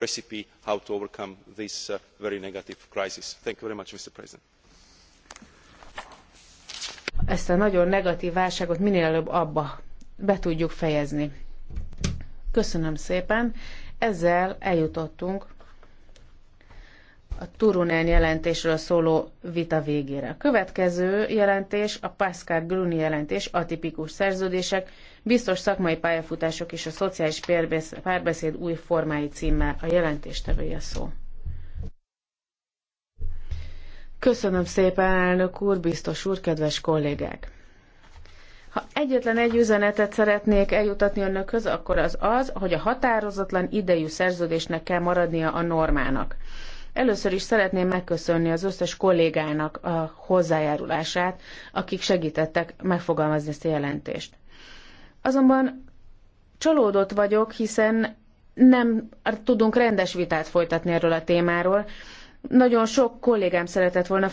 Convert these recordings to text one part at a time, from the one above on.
recipe for how to overcome this uh, very negative crisis. Thank you very much, Mr. President. Ezt a nagyon negatív válságot minél előbb abba be tudjuk fejezni. Köszönöm szépen. Ezzel eljutottunk a Turunen jelentésről szóló vita végére. A következő jelentés a Pascal Gruni jelentés, atipikus szerződések, biztos szakmai pályafutások és a szociális párbeszéd új formái címmel a jelentéstevője szó. Köszönöm szépen, elnök úr, biztos úr, kedves kollégák! Ha egyetlen egy üzenetet szeretnék eljutatni önökhöz, akkor az az, hogy a határozatlan idejű szerződésnek kell maradnia a normának. Először is szeretném megköszönni az összes kollégának a hozzájárulását, akik segítettek megfogalmazni ezt a jelentést. Azonban csalódott vagyok, hiszen nem tudunk rendes vitát folytatni erről a témáról. Nagyon sok kollégám szeretett volna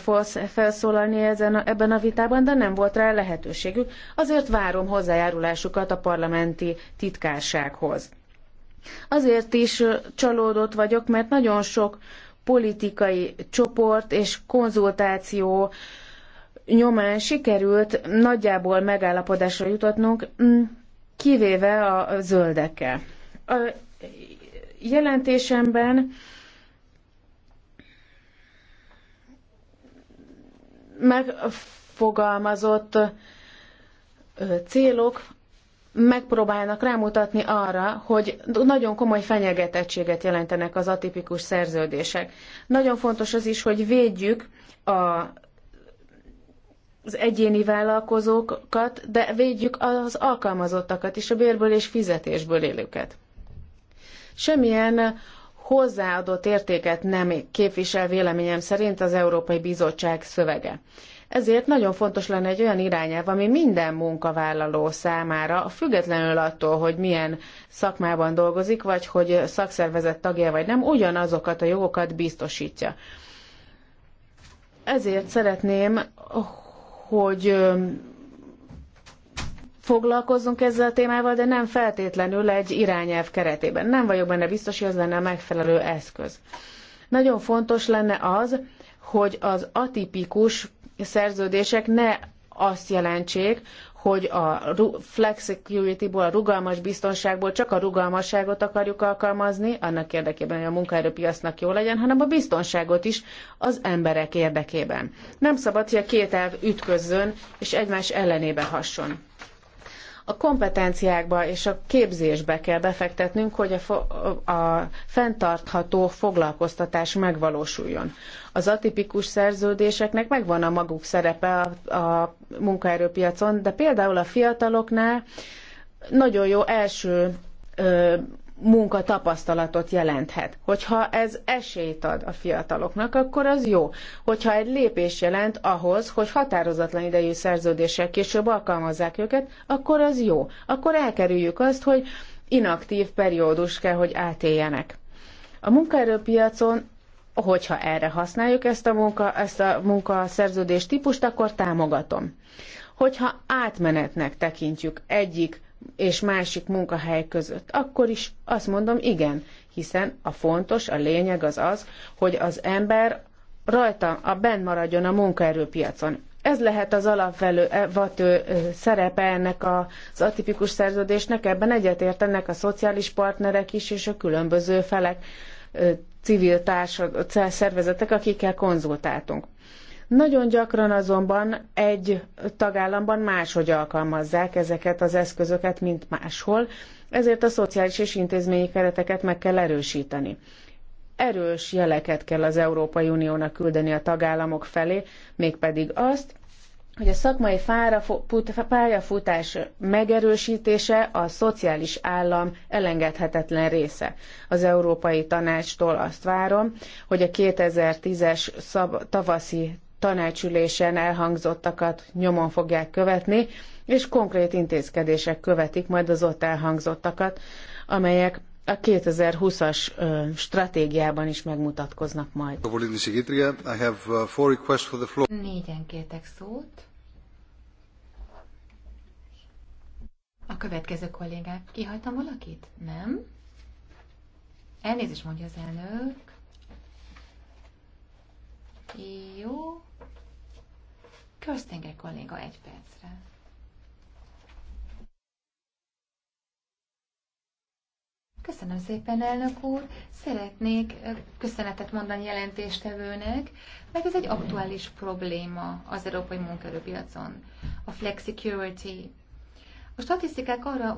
felszólalni ezen, ebben a vitában, de nem volt rá lehetőségük, azért várom hozzájárulásukat a parlamenti titkársághoz. Azért is csalódott vagyok, mert nagyon sok politikai csoport és konzultáció nyomán sikerült nagyjából megállapodásra jutatnunk, mm, kivéve a zöldekkel. A jelentésemben megfogalmazott célok megpróbálnak rámutatni arra, hogy nagyon komoly fenyegetettséget jelentenek az atipikus szerződések. Nagyon fontos az is, hogy védjük a, az egyéni vállalkozókat, de védjük az alkalmazottakat is, a bérből és fizetésből élőket. Semmilyen hozzáadott értéket nem képvisel véleményem szerint az Európai Bizottság szövege. Ezért nagyon fontos lenne egy olyan irányelv, ami minden munkavállaló számára, függetlenül attól, hogy milyen szakmában dolgozik, vagy hogy szakszervezet tagja vagy nem, ugyanazokat a jogokat biztosítja. Ezért szeretném, hogy foglalkozzunk ezzel a témával, de nem feltétlenül egy irányelv keretében. Nem vagyok benne biztos, hogy ez lenne a megfelelő eszköz. Nagyon fontos lenne az, hogy az atipikus szerződések ne azt jelentsék, hogy a flex security-ból, a rugalmas biztonságból csak a rugalmasságot akarjuk alkalmazni, annak érdekében, hogy a munkaerőpiasznak jó legyen, hanem a biztonságot is az emberek érdekében. Nem szabad, hogy a két elv ütközzön és egymás ellenébe hasson. A kompetenciákba és a képzésbe kell befektetnünk, hogy a, a fenntartható foglalkoztatás megvalósuljon. Az atipikus szerződéseknek megvan a maguk szerepe a, a munkaerőpiacon, de például a fiataloknál nagyon jó első ö, munkatapasztalatot jelenthet. Hogyha ez esélyt ad a fiataloknak, akkor az jó. Hogyha egy lépés jelent ahhoz, hogy határozatlan idejű szerződéssel később alkalmazzák őket, akkor az jó. Akkor elkerüljük azt, hogy inaktív periódus kell, hogy átéljenek. A munkaerőpiacon hogyha erre használjuk ezt a, munka, ezt a munkaszerződés típust, akkor támogatom. Hogyha átmenetnek tekintjük egyik és másik munkahely között, akkor is azt mondom, igen, hiszen a fontos, a lényeg az az, hogy az ember rajta, a bent maradjon a munkaerőpiacon. Ez lehet az alapvető e, szerepe ennek az atipikus szerződésnek, ebben egyetértenek a szociális partnerek is, és a különböző felek, civil társadalmi szervezetek, akikkel konzultáltunk. Nagyon gyakran azonban egy tagállamban máshogy alkalmazzák ezeket az eszközöket, mint máshol, ezért a szociális és intézményi kereteket meg kell erősíteni. Erős jeleket kell az Európai Uniónak küldeni a tagállamok felé, mégpedig azt, hogy a szakmai pályafutás megerősítése a szociális állam elengedhetetlen része. Az Európai Tanácstól azt várom, hogy a 2010-es tavaszi tanácsülésen elhangzottakat nyomon fogják követni, és konkrét intézkedések követik majd az ott elhangzottakat, amelyek a 2020-as stratégiában is megmutatkoznak majd. Uh, Négyen kértek szót. A következő kollégák. Kihajtam valakit? Nem? Elnézést mondja az elnök. Jó, Köztenge kolléga egy percre. Köszönöm szépen, elnök úr. Szeretnék köszönetet mondani jelentéstevőnek, mert ez egy aktuális probléma az európai munkaerőpiacon, a flexicurity. A statisztikák arra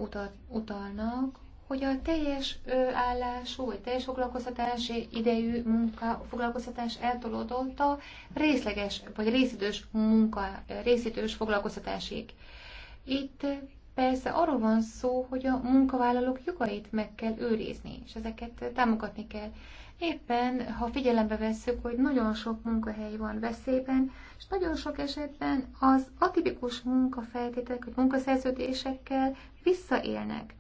utalnak, hogy a teljes állású, vagy teljes foglalkoztatási idejű munka, foglalkoztatás eltolódott a részleges, vagy részidős munka, részidős foglalkoztatásig. Itt persze arról van szó, hogy a munkavállalók jogait meg kell őrizni, és ezeket támogatni kell. Éppen, ha figyelembe vesszük, hogy nagyon sok munkahely van veszélyben, és nagyon sok esetben az atipikus munkafeltételek, vagy munkaszerződésekkel visszaélnek.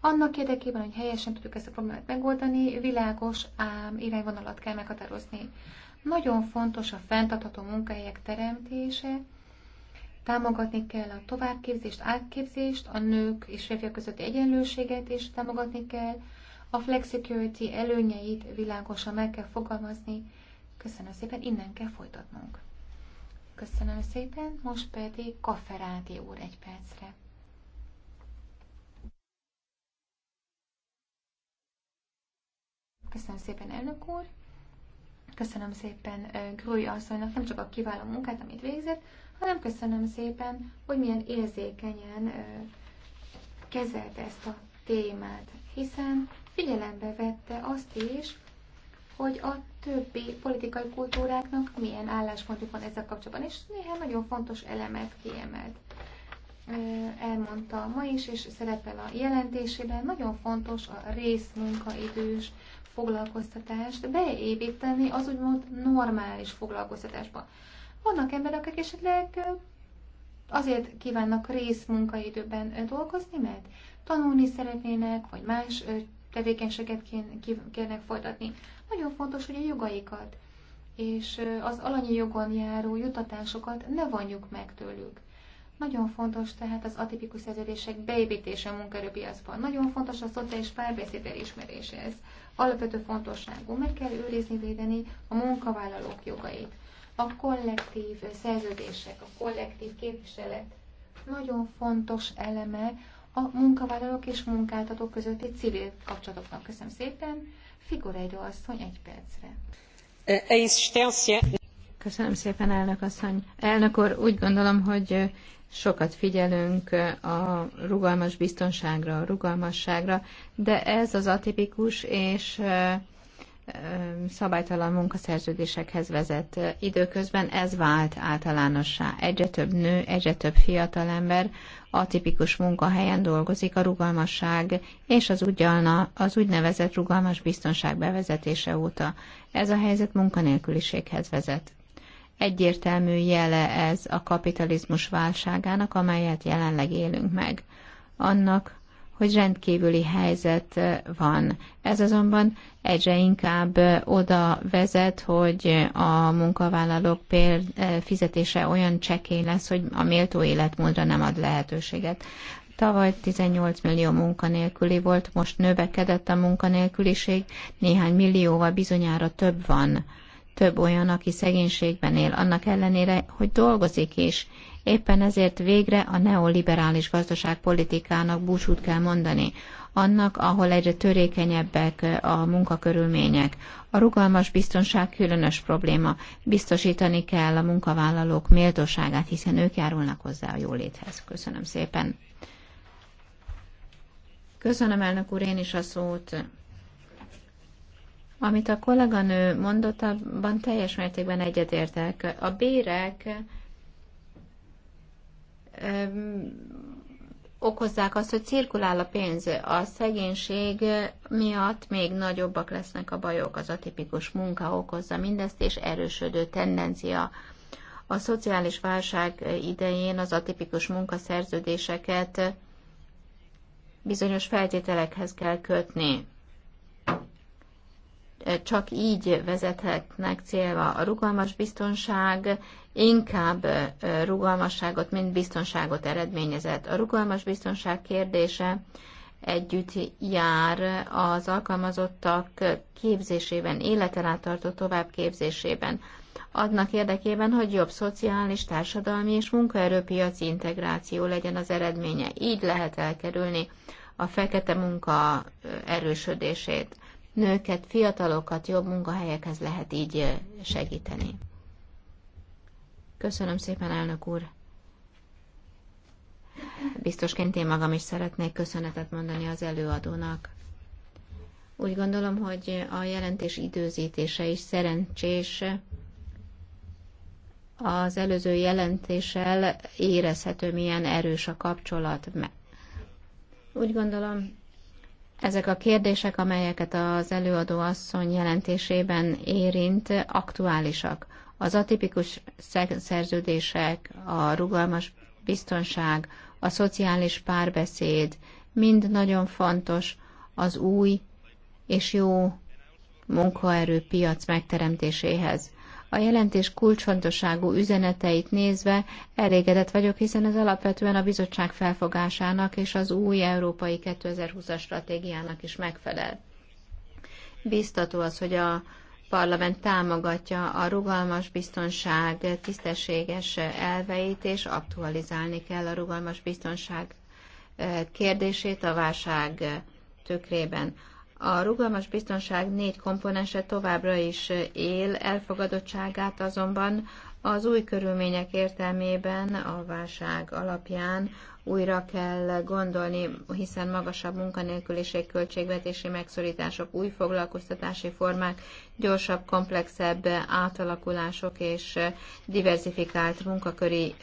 Annak érdekében, hogy helyesen tudjuk ezt a problémát megoldani, világos ám irányvonalat kell meghatározni. Nagyon fontos a fenntartható munkahelyek teremtése, támogatni kell a továbbképzést, átképzést, a nők és férfiak közötti egyenlőséget is támogatni kell, a flexicurity előnyeit világosan meg kell fogalmazni. Köszönöm szépen, innen kell folytatnunk. Köszönöm szépen, most pedig Kafferáti úr egy percre. Köszönöm szépen, elnök úr! Köszönöm szépen Grúj asszonynak nem csak a kiváló munkát, amit végzett, hanem köszönöm szépen, hogy milyen érzékenyen kezelte ezt a témát, hiszen figyelembe vette azt is, hogy a többi politikai kultúráknak milyen álláspontjuk van ezzel kapcsolatban, és néhány nagyon fontos elemet kiemelt. Elmondta ma is, és szerepel a jelentésében, nagyon fontos a részmunkaidős foglalkoztatást beépíteni az úgymond normális foglalkoztatásba. Vannak emberek, akik esetleg azért kívánnak részmunkaidőben dolgozni, mert tanulni szeretnének, vagy más tevékenységet kérnek folytatni. Nagyon fontos, hogy a jogaikat és az alanyi jogon járó jutatásokat ne vonjuk meg tőlük. Nagyon fontos tehát az atipikus szerződések beépítése a munkaerőpiacban. Nagyon fontos a szociális párbeszéd elismerése ez alapvető fontosságú. Meg kell őrizni, védeni a munkavállalók jogait. A kollektív szerződések, a kollektív képviselet nagyon fontos eleme a munkavállalók és munkáltatók közötti civil kapcsolatoknak. Köszönöm szépen. egy asszony egy percre. Köszönöm szépen, elnök asszony. Elnök úr, úgy gondolom, hogy sokat figyelünk a rugalmas biztonságra, a rugalmasságra, de ez az atipikus és szabálytalan munkaszerződésekhez vezet. Időközben ez vált általánossá. Egyre több nő, egyre több fiatal ember atipikus munkahelyen dolgozik a rugalmasság és az, ugyalna, az úgynevezett rugalmas biztonság bevezetése óta. Ez a helyzet munkanélküliséghez vezet. Egyértelmű jele ez a kapitalizmus válságának, amelyet jelenleg élünk meg. Annak, hogy rendkívüli helyzet van. Ez azonban egyre inkább oda vezet, hogy a munkavállalók pér eh, fizetése olyan csekély lesz, hogy a méltó életmódra nem ad lehetőséget. Tavaly 18 millió munkanélküli volt, most növekedett a munkanélküliség, néhány millióval bizonyára több van több olyan, aki szegénységben él, annak ellenére, hogy dolgozik is. Éppen ezért végre a neoliberális gazdaságpolitikának búcsút kell mondani, annak, ahol egyre törékenyebbek a munkakörülmények. A rugalmas biztonság különös probléma. Biztosítani kell a munkavállalók méltóságát, hiszen ők járulnak hozzá a jóléthez. Köszönöm szépen. Köszönöm, elnök úr, én is a szót. Amit a kolléganő mondott, abban teljes mértékben egyetértek. A bérek okozzák azt, hogy cirkulál a pénz. A szegénység miatt még nagyobbak lesznek a bajok, az atipikus munka okozza mindezt, és erősödő tendencia. A szociális válság idején az atipikus munkaszerződéseket bizonyos feltételekhez kell kötni csak így vezethetnek célba a rugalmas biztonság, inkább rugalmasságot, mint biztonságot eredményezett. A rugalmas biztonság kérdése együtt jár az alkalmazottak képzésében, életen át tartó továbbképzésében, adnak érdekében, hogy jobb szociális, társadalmi és munkaerőpiaci integráció legyen az eredménye. Így lehet elkerülni a fekete munka erősödését nőket, fiatalokat jobb munkahelyekhez lehet így segíteni. Köszönöm szépen, elnök úr! Biztosként én magam is szeretnék köszönetet mondani az előadónak. Úgy gondolom, hogy a jelentés időzítése is szerencsés. Az előző jelentéssel érezhető, milyen erős a kapcsolat. Úgy gondolom, ezek a kérdések, amelyeket az előadó asszony jelentésében érint, aktuálisak. Az atipikus szerződések, a rugalmas biztonság, a szociális párbeszéd mind nagyon fontos az új és jó munkaerőpiac megteremtéséhez. A jelentés kulcsfontosságú üzeneteit nézve elégedett vagyok, hiszen ez alapvetően a bizottság felfogásának és az új európai 2020-as stratégiának is megfelel. Biztató az, hogy a parlament támogatja a rugalmas biztonság tisztességes elveit, és aktualizálni kell a rugalmas biztonság kérdését a válság tükrében. A rugalmas biztonság négy komponense továbbra is él, elfogadottságát azonban az új körülmények értelmében a válság alapján újra kell gondolni, hiszen magasabb munkanélküliség, költségvetési megszorítások, új foglalkoztatási formák, gyorsabb, komplexebb átalakulások és diversifikált munkaköri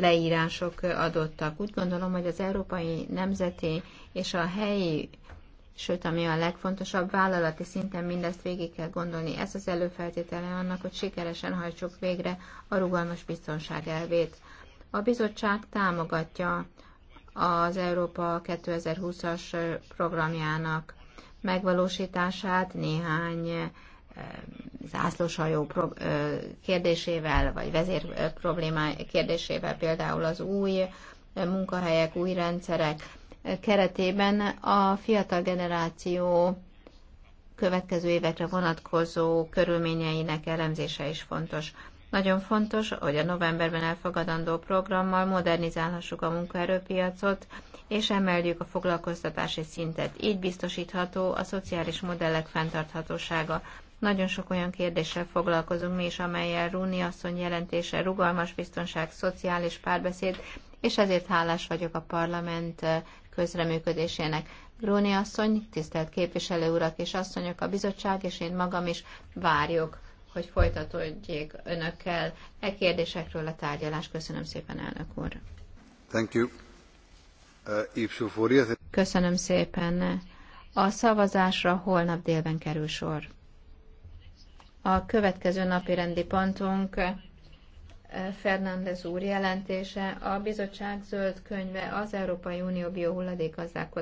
leírások adottak. Úgy gondolom, hogy az európai nemzeti és a helyi sőt, ami a legfontosabb, vállalati szinten mindezt végig kell gondolni. Ez az előfeltétele annak, hogy sikeresen hajtsuk végre a rugalmas biztonság elvét. A bizottság támogatja az Európa 2020-as programjának megvalósítását néhány eh, zászlóshajó eh, kérdésével, vagy vezér eh, problémá kérdésével, például az új munkahelyek, új rendszerek, keretében a fiatal generáció következő évekre vonatkozó körülményeinek elemzése is fontos. Nagyon fontos, hogy a novemberben elfogadandó programmal modernizálhassuk a munkaerőpiacot, és emeljük a foglalkoztatási szintet. Így biztosítható a szociális modellek fenntarthatósága. Nagyon sok olyan kérdéssel foglalkozunk mi is, amelyel Rúni asszony jelentése rugalmas biztonság, szociális párbeszéd, és ezért hálás vagyok a parlament közreműködésének. Gróni asszony, tisztelt képviselő urak és asszonyok, a bizottság és én magam is várjuk, hogy folytatódjék önökkel e kérdésekről a tárgyalás. Köszönöm szépen, elnök úr. Thank you. Uh, Köszönöm szépen. A szavazásra holnap délben kerül sor. A következő napi rendi pontunk Fernández úr jelentése, a bizottság zöld könyve az Európai Unió biohulladék gazdálkodásáról.